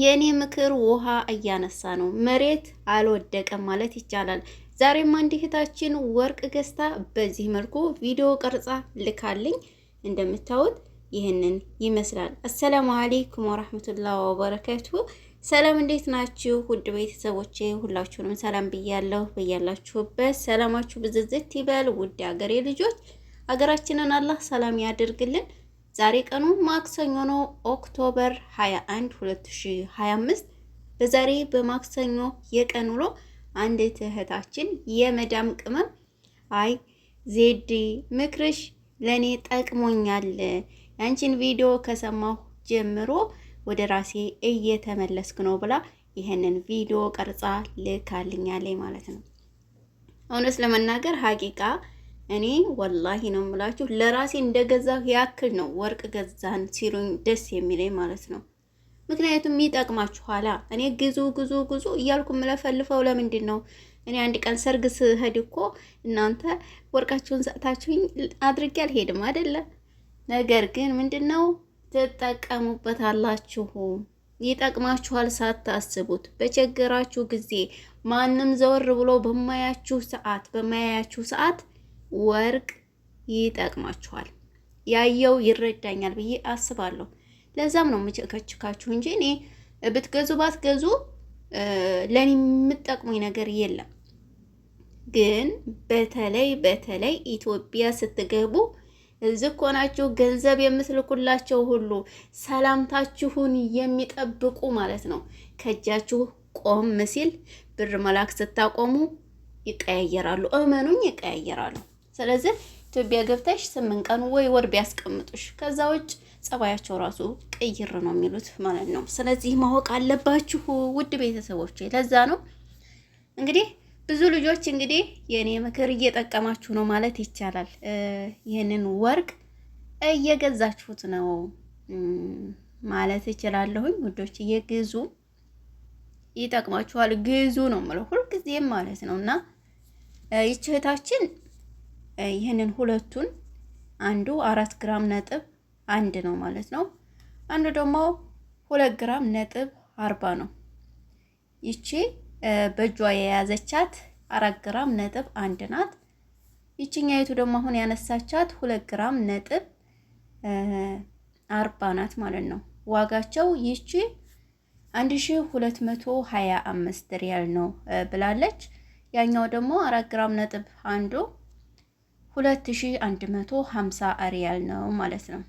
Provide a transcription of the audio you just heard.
የእኔ ምክር ውሃ እያነሳ ነው፣ መሬት አልወደቀም ማለት ይቻላል። ዛሬም አንድ እህታችን ወርቅ ገዝታ በዚህ መልኩ ቪዲዮ ቀርጻ ልካልኝ እንደምታዩት ይህንን ይመስላል። አሰላሙ አሌይኩም ወራህመቱላህ ወበረከቱ። ሰላም እንዴት ናችሁ? ውድ ቤተሰቦቼ ሁላችሁንም ሰላም ብያለሁ። ብያላችሁበት ሰላማችሁ ብዝዝት ይበል። ውድ ሀገሬ ልጆች ሀገራችንን አላህ ሰላም ያደርግልን። ዛሬ ቀኑ ማክሰኞ ነው፣ ኦክቶበር 21 2025። በዛሬ በማክሰኞ የቀን ውሎ አንዲት እህታችን የመዳም ቅመም አይ ዜድ ምክርሽ ለእኔ ጠቅሞኛል፣ ያንቺን ቪዲዮ ከሰማሁ ጀምሮ ወደ ራሴ እየተመለስኩ ነው ብላ ይህንን ቪዲዮ ቀርጻ ልካልኛለች ማለት ነው። እውነት ለመናገር ሀቂቃ እኔ ወላሂ ነው የምላችሁ ለራሴ እንደገዛ ያክል ነው ወርቅ ገዛን ሲሉኝ ደስ የሚለኝ ማለት ነው። ምክንያቱም ይጠቅማችኋላ። እኔ ግዙ ግዙ ግዙ እያልኩ የምለፈልፈው ለምንድን ነው? እኔ አንድ ቀን ሰርግ ስሄድ እኮ እናንተ ወርቃችሁን ሰጥታችሁኝ አድርጌ አልሄድም አይደለም። ነገር ግን ምንድን ነው ትጠቀሙበታላችሁ፣ ይጠቅማችኋል። ሳታስቡት በቸገራችሁ ጊዜ ማንም ዘወር ብሎ በማያችሁ ሰዓት በማያያችሁ ሰዓት ወርቅ ይጠቅማችኋል። ያየው ይረዳኛል ብዬ አስባለሁ። ለዛም ነው የምቸከችካችሁ እንጂ እኔ ብትገዙ ባትገዙ ለእኔ የምጠቅሙኝ ነገር የለም። ግን በተለይ በተለይ ኢትዮጵያ ስትገቡ እዚህ ከሆናችሁ ገንዘብ የምትልኩላቸው ሁሉ ሰላምታችሁን የሚጠብቁ ማለት ነው። ከእጃችሁ ቆም ሲል ብር መላክ ስታቆሙ ይቀያየራሉ። እመኑኝ ይቀያየራሉ። ስለዚህ ኢትዮጵያ ገብተሽ ስምንት ቀን ወይ ወር ቢያስቀምጡሽ ከዛ ውጭ ጸባያቸው ራሱ ቅይር ነው የሚሉት ማለት ነው። ስለዚህ ማወቅ አለባችሁ ውድ ቤተሰቦች። ለዛ ነው እንግዲህ ብዙ ልጆች እንግዲህ የእኔ ምክር እየጠቀማችሁ ነው ማለት ይቻላል። ይህንን ወርቅ እየገዛችሁት ነው ማለት እችላለሁኝ። ውዶች እየግዙ ይጠቅማችኋል፣ ግዙ ነው የምለው ሁልጊዜም ማለት ነው እና ይችህታችን ይህንን ሁለቱን አንዱ አራት ግራም ነጥብ አንድ ነው ማለት ነው። አንዱ ደግሞ ሁለት ግራም ነጥብ አርባ ነው። ይቺ በእጇ የያዘቻት አራት ግራም ነጥብ አንድ ናት። ይችኛይቱ ደግሞ አሁን ያነሳቻት ሁለት ግራም ነጥብ አርባ ናት ማለት ነው። ዋጋቸው ይቺ አምስት ሪያል ነው ብላለች። ያኛው ደግሞ አራት ግራም ነጥብ አንዱ 2150 ሪያል ነው ማለት ነው።